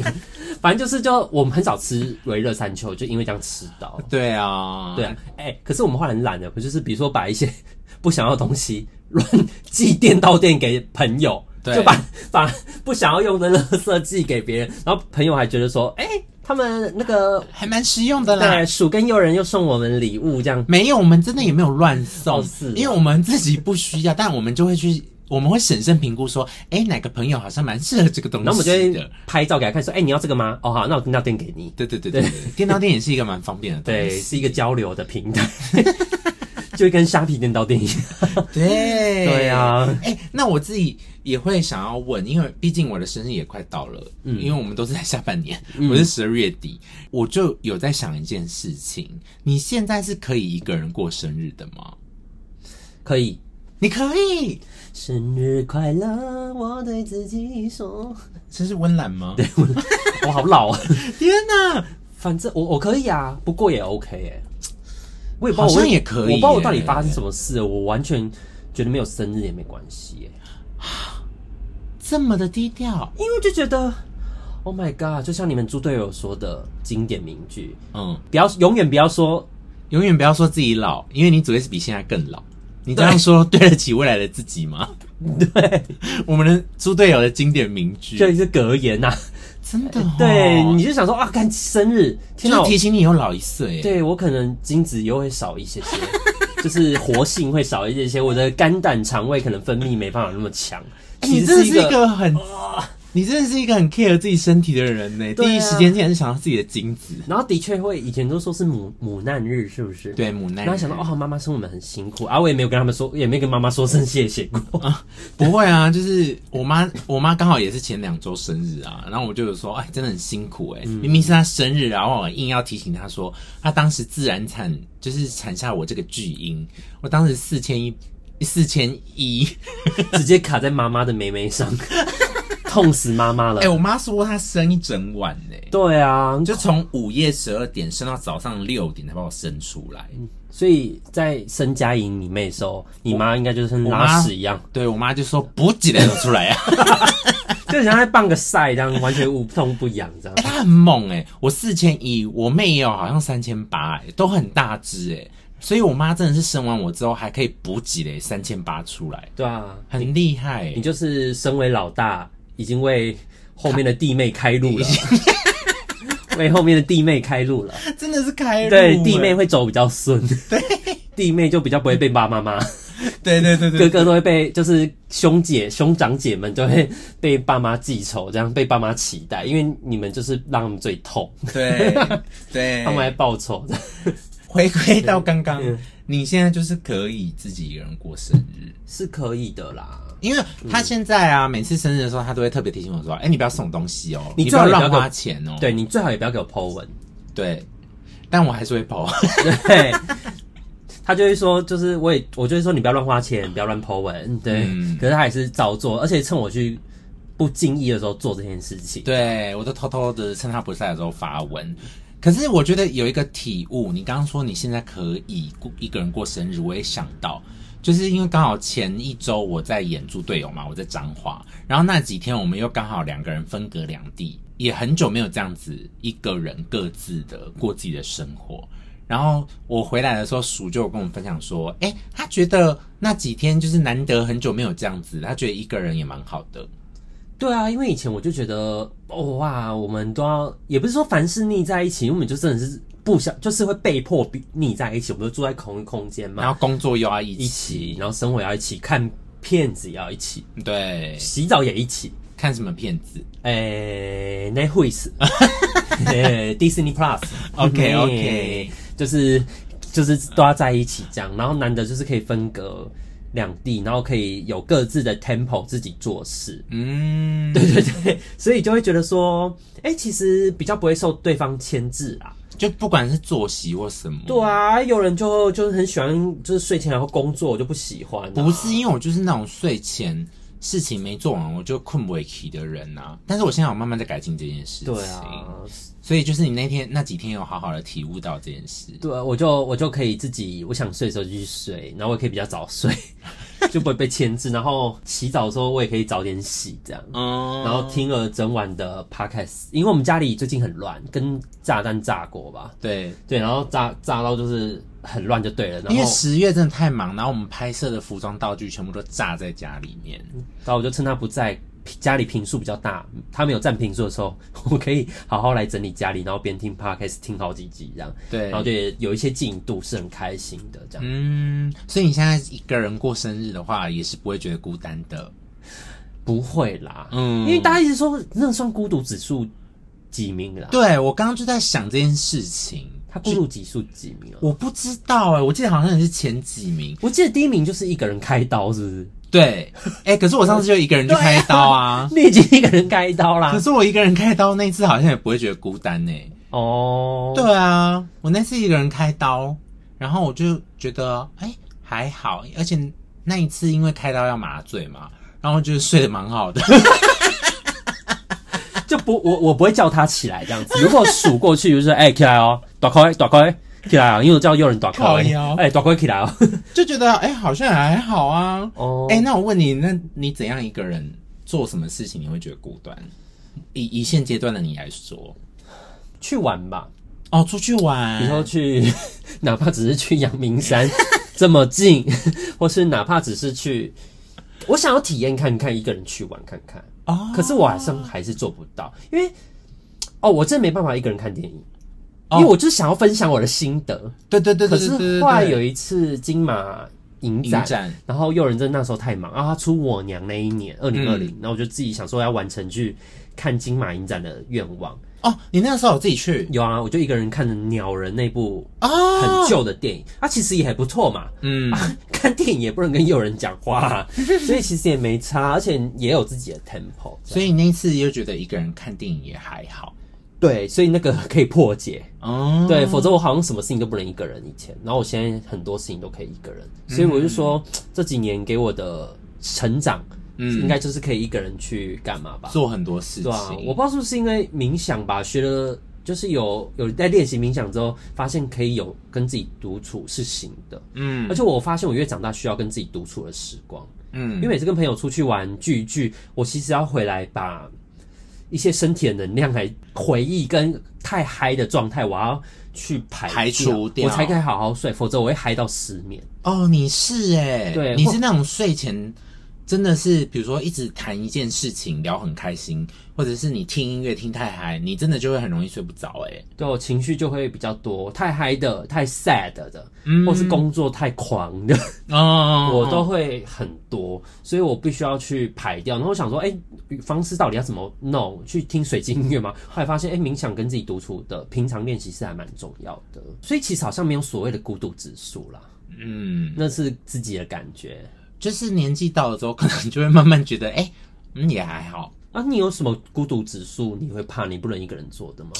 反正就是，就我們很少吃微熱山丘，就因為這樣吃到。對啊，對啊，哎、欸，可是我們後來很懶的，不就是比如說把一些不想要的東西亂寄店到店給朋友，對就把把不想要用的垃圾寄給別人，然後朋友還覺得說，哎、欸。他們那個還蠻實用的啦，對鼠跟又仁又送我們禮物，這樣沒有，我們真的也沒有亂送、嗯哦是，因為我們自己不需要，但我們就會去，我們會審慎評估說，哎、欸，哪個朋友好像蠻適合這個東西，那我們就會拍照給他看，說，哎、欸，你要這個嗎？哦好，那我店到店給你，對對對對,對，店到店也是一個蠻方便的東西， 對，是一個交流的平台。 就跟蝦皮店到店一樣， 對對、啊、呀，哎、欸，那我自己也會想要問，因為畢竟我的生日也快到了，嗯，因為我們都是在下半年，我是十二月底、嗯，我就有在想一件事情，你現在是可以一個人過生日的嗎？可以，你可以。生日快樂。我對自己說。這是溫嵐嗎？對，我好老啊！ 天哪，反正我我可以啊，不過也 OK 耶、欸。我也不知道，我我不知道我到底發生什麼事了。對對對，我完全覺得沒有生日也沒關係耶、欸，這麼的低調，因為就覺得，Oh my God，就像你們豬隊友說的經典名句，嗯，不要永遠不要說，永遠不要說自己老，因為你只會是比現在更老，你這樣說對得起未來的自己嗎？對， 我們的豬隊友的經典名句，這裡、就是格言吶、啊。真的、喔，對，你就想說啊，幹生日，天哪，就是、提醒你以後老一歲，對，我可能精子又會少一些些， 就是活性會少一些些，我的肝膽腸胃可能分泌沒辦法那麼強、欸。你這是一個很。呃你真的是一個很 care 自己身體的人呢、啊，第一時間竟然是想到自己的精子，然後的確會以前都說是母母難日，是不是？對，母難日，然後想到哦，媽媽生我們很辛苦，啊，我也沒有跟他們說，也沒有跟媽媽說聲謝謝過。 不會啊，就是我媽， 我媽剛好也是前兩周生日啊，然後我就說，哎，真的很辛苦、欸，哎、嗯，明明是她生日，然後我硬要提醒她說，她、啊、當時自然產就是產下我這個巨嬰，我當時四千一四千一， 直接卡在媽媽的妹妹上。 痛死媽媽了！哎、欸，我媽說她生一整晚哎、欸，對啊，就從午夜十二點生到早上六點才把我生出來。所以，在生嘉瑩你妹的時候，你媽應該就是拉屎一樣。我我媽對，我媽就說補給勒出來啊， 就像在放個賽這樣，完全無不痛不癢這樣。她、欸、很猛哎、欸，我四千一，我妹也有好像三千八哎，都很大只哎、欸。所以，我媽真的是生完我之後還可以補幾勒三千八出來。對啊，很厲害、欸。你就是身為老大。已經為後面的弟妹開路了，為後面的弟妹開路了， 真的是開路了。對，弟妹會走比較順，弟妹就比較不會被爸媽罵。對對,對對對，哥哥都會被，就是兄姐、兄長姐們就會被爸媽記仇，這樣被爸媽期待，因為你們就是讓他們最痛。對，對，他們還報仇。回歸到剛剛，你現在就是可以自己一個人過生日，是可以的啦。因為他現在啊、嗯，每次生日的時候，他都會特別提醒我說：“哎、欸，你不要送東西哦、喔，你最好不要花錢哦、喔，對，你最好也不要給我 PO 文。”對，但我還是會 PO。對， 他就會說：“就是我也，我就會說你不要亂花錢，嗯、不要亂 PO 文。對”對、嗯，可是他也是照做，而且趁我去不經意的時候做這件事情。對，我都偷偷的趁他不在的時候發文。可是我覺得有一個體悟，你剛剛說你現在可以過一個人過生日，我也想到。就是因為剛好前一周我在演豬隊友嘛，我在彰化，然後那幾天我們又剛好兩個人分隔兩地，也很久沒有這樣子一個人各自的過自己的生活。然後我回來的時候，鼠就有跟我們分享說：“誒、欸，他覺得那幾天就是難得很久沒有這樣子，他覺得一個人也蠻好的。”對啊，因為以前我就覺得，哇、哦啊，我們都要也不是說凡事膩在一起，因為我們就真的是。不想就是會被迫逼膩在一起，我們就住在同一空間嘛。然後工作又要一起，一起，然後生活要一起，看片子也要一起，對，洗澡也一起。看什麼片子？哎、欸，那會是、 欸 Disney okay, okay. 欸就是，迪士尼 Plus。OK OK，就是就是都要在一起這樣。然後難得就是可以分隔兩地，然後可以有各自的 Tempo 自己做事。嗯，對對對，所以就會覺得說，哎、欸，其實比較不會受對方牽制啊。就不管是作息或什麼，對啊，有人就就是很喜歡，就是睡前然後工作，我就不喜歡啊。不是因為我就是那種睡前。事情沒做完我就困不起的人吶、啊，但是我現在我慢慢在改進這件事情，對啊，所以就是你那天那幾天有好好的體悟到這件事，對、啊，我就我就可以自己我想睡的時候就去睡，然後我也可以比較早睡， 就不會被牽制，然後洗澡的時候我也可以早點洗這樣， 然後聽了整晚的 podcast，因為我們家裡最近很亂，跟炸彈炸過吧，對對，然後炸炸到就是。很亂就對了，然後，因為十月真的太忙，然後我們拍攝的服裝道具全部都炸在家裡面、嗯，然後我就趁他不在，家裡坪數比較大，他沒有占坪數的時候，我可以好好來整理家裡，然後邊聽 podcast 聽好幾集這樣，對，然後就有一些進度是很開心的這樣，嗯，所以你現在一個人過生日的話，也是不會覺得孤單的，不會啦，嗯，因為大家一直說那算孤獨指數幾名啦。對，我剛剛就在想這件事情。他進幾數幾名？我不知道哎、欸，我記得好像也是前幾名。我記得第一名就是一個人開刀，是不是？對，哎、欸，可是我上次就一個人就開刀啊，那、啊、已經一個人開刀啦。可是我一個人開刀那一次好像也不會覺得孤單呢、欸。哦、oh.，對啊，我那次一個人開刀，然後我就覺得哎、欸、還好，而且那一次因為開刀要麻醉嘛，然後就是睡得蠻好的。 就不我我不會叫他起來這樣子，如果鼠過去就是哎、 欸、起來哦，打開打開起來哦，因為我叫傭人打開哦，哎打開起來哦， 就覺得哎、欸、好像還好啊。哦，哎、欸、那我問你，那你怎樣一個人做什麼事情你會覺得孤單？以以現階段的你來說，去玩吧，哦出去玩，比如說去哪怕只是去陽明山 這麼近，或是哪怕只是去，我想要體驗看看一個人去玩看看。可是我還是還是做不到，因為哦，我真的沒辦法一個人看電影、哦，因為我就想要分享我的心得。對對對，可是後來有一次金馬影展,展，然後又仁真那時候太忙啊，他出我娘那一年二零二零，2020, 嗯、然後我就自己想說要完成去看金馬影展的願望。哦，你那時候我自己去，有啊，我就一個人看的《鳥人》那部啊很舊的電影，哦、啊其實也還不錯嘛，嗯、啊，看電影也不能跟又仁講話、啊嗯，所以其實也沒差，而且也有自己的 tempo，所以你那一次又覺得一個人看電影也還好，對，所以那個可以破解哦，對，否則我好像什麼事情都不能一個人，以前，然後我現在很多事情都可以一個人，所以我就說、嗯、這幾年給我的成長。嗯，應該就是可以一個人去幹嘛吧，做很多事情。對啊，我不知道是不是因為冥想吧，學了就是有有在練習冥想之後，發現可以有跟自己獨處是行的。嗯，而且我發現我越長大，需要跟自己獨處的時光。嗯，因為每次跟朋友出去玩，聚一聚，我其實要回來把一些身體的能量、來回憶跟太嗨的狀態，我要去排排除掉，我才可以好好睡，否則我會嗨到失眠。哦，你是哎、欸，對，你是那種睡前。真的是，比如說一直談一件事情聊很開心，或者是你聽音樂聽太嗨，你真的就會很容易睡不着哎、欸。對我情緒就會比較多，太嗨的、太 sad 的、嗯，或是工作太狂的哦哦哦哦，我都會很多，所以我必須要去排掉。然後我想說，哎、欸，方式到底要怎麼弄？No, 去聽水晶音樂嗎？後來發現，哎、欸，冥想跟自己獨處的平常練習是還蠻重要的。所以其實好像沒有所謂的孤獨指數啦。嗯，那是自己的感覺。就是年紀到了之後，可能就會慢慢覺得，哎、欸、嗯，也還好。那、啊、你有什麼孤獨指數？你會怕你不能一個人做的嗎？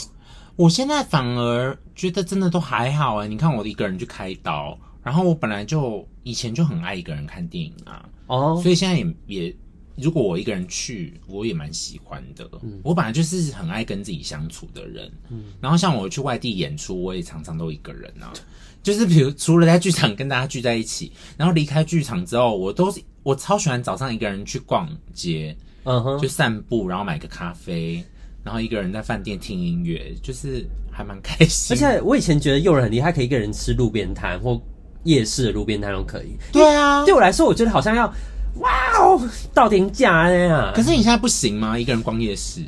我現在反而覺得真的都還好哎、欸。你看我一個人去開刀，然後我本來就以前就很愛一個人看電影啊。哦，所以現在也、也，如果我一個人去，我也蠻喜歡的、嗯。我本來就是很愛跟自己相處的人。嗯，然後像我去外地演出，我也常常都一個人啊。就是比如，除了在劇場跟大家聚在一起，然後離開劇場之後，我都是我超喜歡早上一個人去逛街，嗯哼，去散步，然後買個咖啡，然後一個人在飯店聽音樂，就是還蠻開心。而且我以前覺得誘人很厲害，可以一個人吃路邊攤或夜市的路邊攤都可以。對啊，對我來說，我覺得好像要哇哦到家價呀。可是你現在不行嗎？一個人逛夜市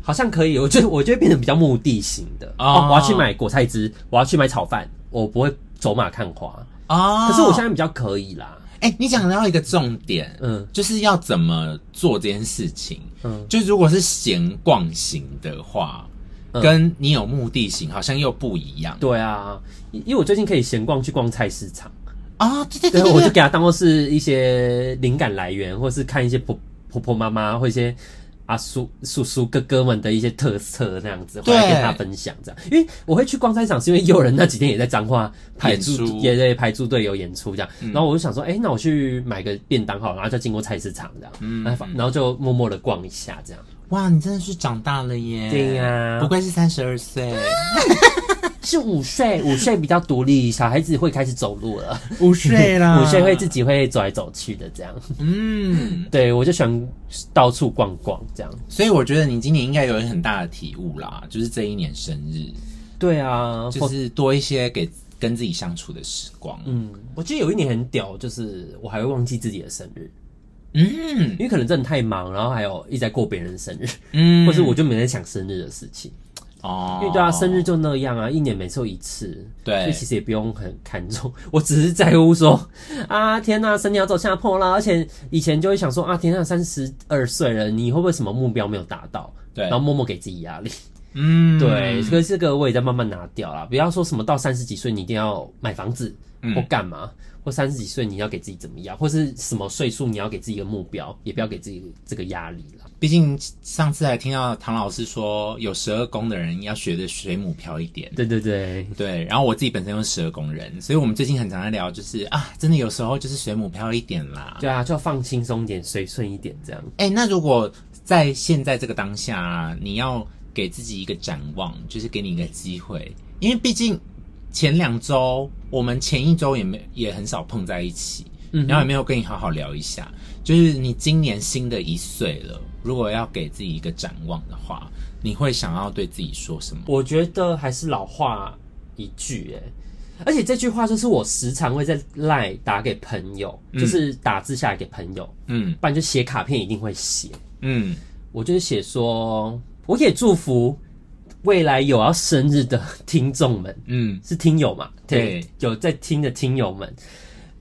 好像可以。我覺得我覺得變得比較目的型的、oh. 哦，我要去買果菜汁，我要去買炒飯。我不會走馬看花啊，oh, 可是我現在比較可以啦。哎、欸，你講到一個重點，嗯，就是要怎麼做這件事情。嗯，就如果是閒逛型的話、嗯，跟你有目的型好像又不一樣。對啊，因為我最近可以閒逛去逛菜市場啊，oh, 對對對,對,對,對，所以我就給它當做是一些靈感來源，或是看一些婆婆婆媽媽或一些。阿、啊、叔、叔叔、哥哥們的一些特色那樣子，回來跟他分享這樣。因為我會去逛菜場，是因為有人那幾天也在彰化演出，也在排著隊友演出這樣、嗯。然後我就想說，哎、欸，那我去買個便當好，然後再經過菜市場這樣。嗯,嗯，然後就默默的逛一下這樣。哇，你真的是長大了耶！對呀、啊，不愧是三十二歲。嗯 是五歲，五歲比較獨立， 小孩子會開始走路了。五歲啦，五歲會自己會走來走去的，這樣。嗯，對，我就想到處逛逛這樣。所以我覺得你今年應該有一個很大的體悟啦，就是這一年生日。對啊，就是多一些給跟自己相處的時光。嗯，我記得有一年很屌，就是我還會忘記自己的生日。嗯，因為可能真的太忙，然後還有一直在過別人的生日。嗯，或是我就沒在想生日的事情。哦、oh，因為對啊，生日就那樣啊，一年每壽一次，對，所以其實也不用很看重。我只是在乎說，啊，天吶、啊，生日要走下坡了，而且以前就會想說，啊，天吶、啊，三十二歲了，你會不會什麼目標沒有達到？對，然後默默給自己壓力。嗯，對。可是這個我也在慢慢拿掉啦。不要說什麼到三十幾歲你一定要買房子或幹嘛，嗯、或三十幾歲你要給自己怎麼樣，或是什麼歲數你要給自己一個目標，也不要給自己這個壓力了。畢竟上次還聽到唐老師說，有十二宮的人要學的水母漂一點。對對對對，然後我自己本身又十二宮人，所以我們最近很常在聊，就是啊，真的有時候就是水母漂一點啦。對啊，就放輕鬆一點，隨順一點這樣。哎、欸，那如果在現在這個當下啊，你要給自己一個展望，就是給你一個機會，因為畢竟前兩週，我們前一週也沒也很少碰在一起、嗯，然後也沒有跟你好好聊一下，就是你今年新的一歲了。如果要給自己一個展望的話，你會想要對自己說什麼？我覺得還是老話一句、欸，哎，而且這句話就是我時常會在賴打給朋友、嗯，就是打字下來給朋友，嗯，不然就寫卡片，一定會寫，嗯，我就是寫說，我也祝福未來有要生日的聽眾們，嗯，是聽友嘛，對，對，有在聽的聽友們。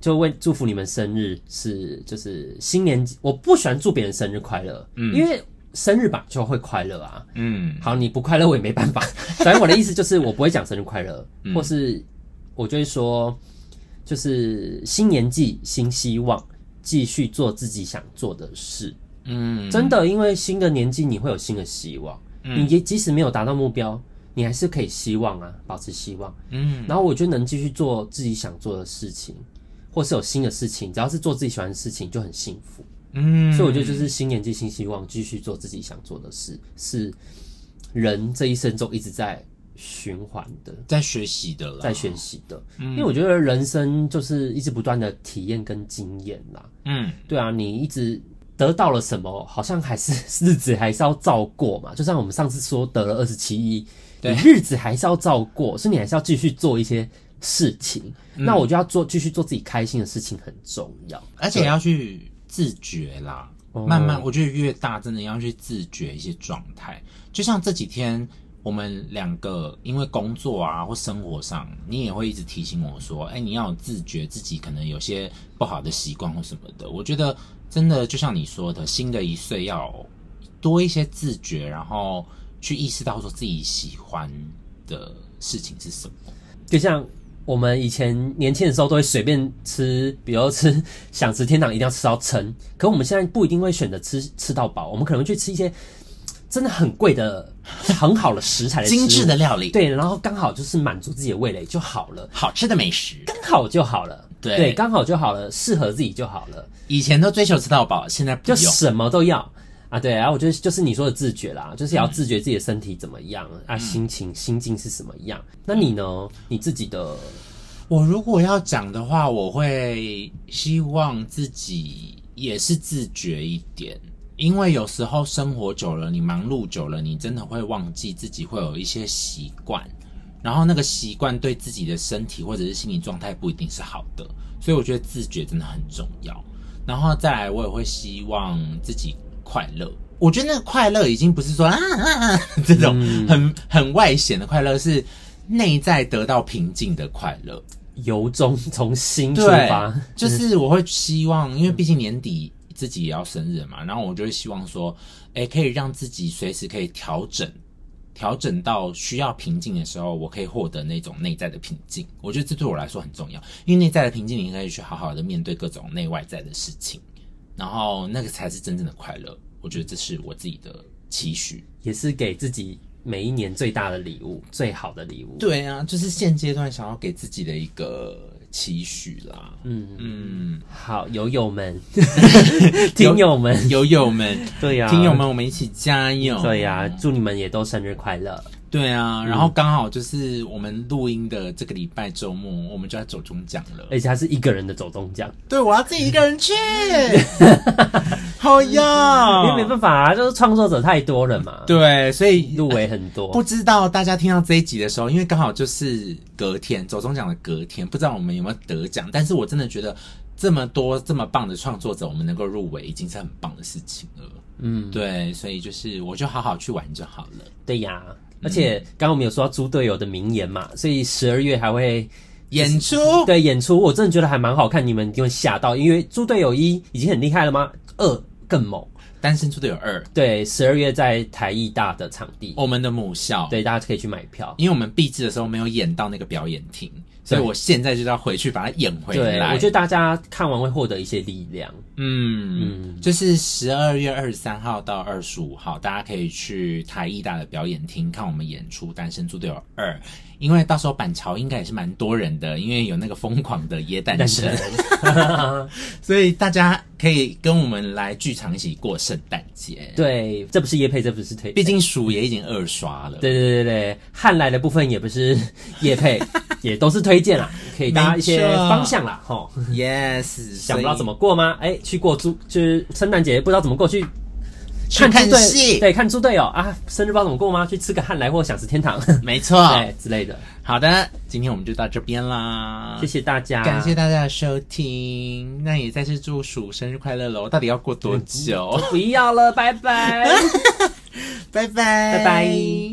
就為祝福你們生日是就是新年，我不喜歡祝別人生日快樂，嗯，因為生日吧就會快樂啊，嗯，好，你不快樂我也沒辦法。 反正我的意思就是，我不會講生日快樂，嗯，或是我就會說，就是新年紀新希望，繼續做自己想做的事，嗯，真的，因為新的年紀你會有新的希望，嗯，你即使沒有達到目標，你還是可以希望啊，保持希望，嗯，然後我就能繼續做自己想做的事情。或是有新的事情，只要是做自己喜歡的事情就很幸福。嗯，所以我覺得就是新年紀新希望，繼續做自己想做的事，是人這一生中一直在循環的，在學習的，在學習的。因為我覺得人生就是一直不斷的體驗跟經驗啦。嗯，對啊，你一直得到了什麼，好像還是日子還是要照過嘛。就像我們上次說得了二十七億，對，你日子還是要照過，所以你還是要繼續做一些事情。那我就要做，嗯，繼續做自己開心的事情很重要，而且要去自覺啦。慢慢，我覺得越大真的要去自覺一些狀態。就像這幾天我們兩個因為工作啊或生活上，你也會一直提醒我說：“哎、欸，你要自覺自己可能有些不好的習慣或什麼的。”我覺得真的就像你說的，新的一歲要多一些自覺，然後去意識到說自己喜歡的事情是什麼，就像。我們以前年輕的時候都會隨便吃，比如吃想吃天堂一定要吃到撐，可我們現在不一定會選擇吃吃到飽，我們可能會去吃一些真的很貴的、很好的食材的食 精緻的料理，對，然後剛好就是滿足自己的味蕾就好了，好吃的美食剛好就好了，對，剛好就好了，適合自己就好了。以前都追求吃到飽，現在不用，就什麼都要。啊，對，啊，我覺得就是你說的自覺啦，就是要自覺自己的身體怎麼樣，嗯，啊，心情、心境是什麼樣，嗯。那你呢？你自己的，我如果要講的話，我會希望自己也是自覺一點，因為有時候生活久了，你忙碌久了，你真的會忘記自己會有一些習慣，然後那個習慣對自己的身體或者是心理狀態不一定是好的，所以我覺得自覺真的很重要。然後再來，我也會希望自己。快樂，我覺得那個快樂已經不是說啊啊啊，啊這種很、嗯、很外顯的快樂，是內在得到平靜的快樂，由衷從心出發。就是我會希望，嗯、因為畢竟年底自己也要生日嘛，然後我就會希望說，哎、欸，可以讓自己隨時可以調整，調整到需要平靜的時候，我可以獲得那種內在的平靜。我覺得這對我來說很重要，因為內在的平靜，你可以去好好的面對各種內外在的事情。然後那個才是真正的快樂，我覺得這是我自己的期許，也是給自己每一年最大的禮物，最好的禮物。對啊，就是現階段想要給自己的一個期許啦。嗯嗯，好，友友們， 聽友們，友友們， 對啊，聽友們，我們一起加油！對啊，祝你們也都生日快樂！對啊，然後剛好就是我們錄音的這個禮拜周末，我們就要走鐘獎了，而且還是一個人的走鐘獎。對，我要自己一個人去。哈 好呀，也沒辦法啊，就是創作者太多了嘛。對，所以入圍很多。不知道大家聽到這一集的時候，因為剛好就是隔天走鐘獎的隔天，不知道我們有沒有得獎。但是我真的覺得這麼多這麼棒的創作者，我們能夠入圍，已經是很棒的事情了。嗯，對，所以就是我就好好去玩就好了。對呀、啊。而且剛剛我們有說到豬隊友的名言嘛，所以十二月還會、就是、演出，對演出，我真的覺得還蠻好看。你們一定會嚇到，因為豬隊友一已經很厲害了嗎？二更猛，單身豬隊友二，對，十二月在台藝大的場地，我們的母校，對大家可以去買票，因為我們畢業的時候沒有演到那個表演廳，所以我現在就是要回去把它演回來。對，我覺得大家看完會獲得一些力量。嗯，嗯，就是十二月二十三號到二十五號，大家可以去台藝大的表演廳看我們演出《單身豬隊友二》，因為到時候板橋應該也是蠻多人的，因為有那個瘋狂的耶誕哈哈 所以大家可以跟我們來劇場一起過聖誕節。對，這不是業配，這不是推，畢竟鼠也已經二刷了。對對對對，漢來的部分也不是業配， 也都是推薦啦。可以搭一些方向啦。齁。Yes， 想不到怎麼過嗎？哎。欸去過豬就是聖誕節，不知道怎麼過，去看看戲？看豬隊對看豬隊友啊，生日包怎麼過嗎？去吃個漢來或享食天堂，沒錯 對，之類的。好的，今天我們就到這邊啦，謝謝大家，感謝大家的收聽。那也再次祝鼠生日快樂嘍！到底要過多久？ 不要了，拜拜，拜 拜， 拜拜。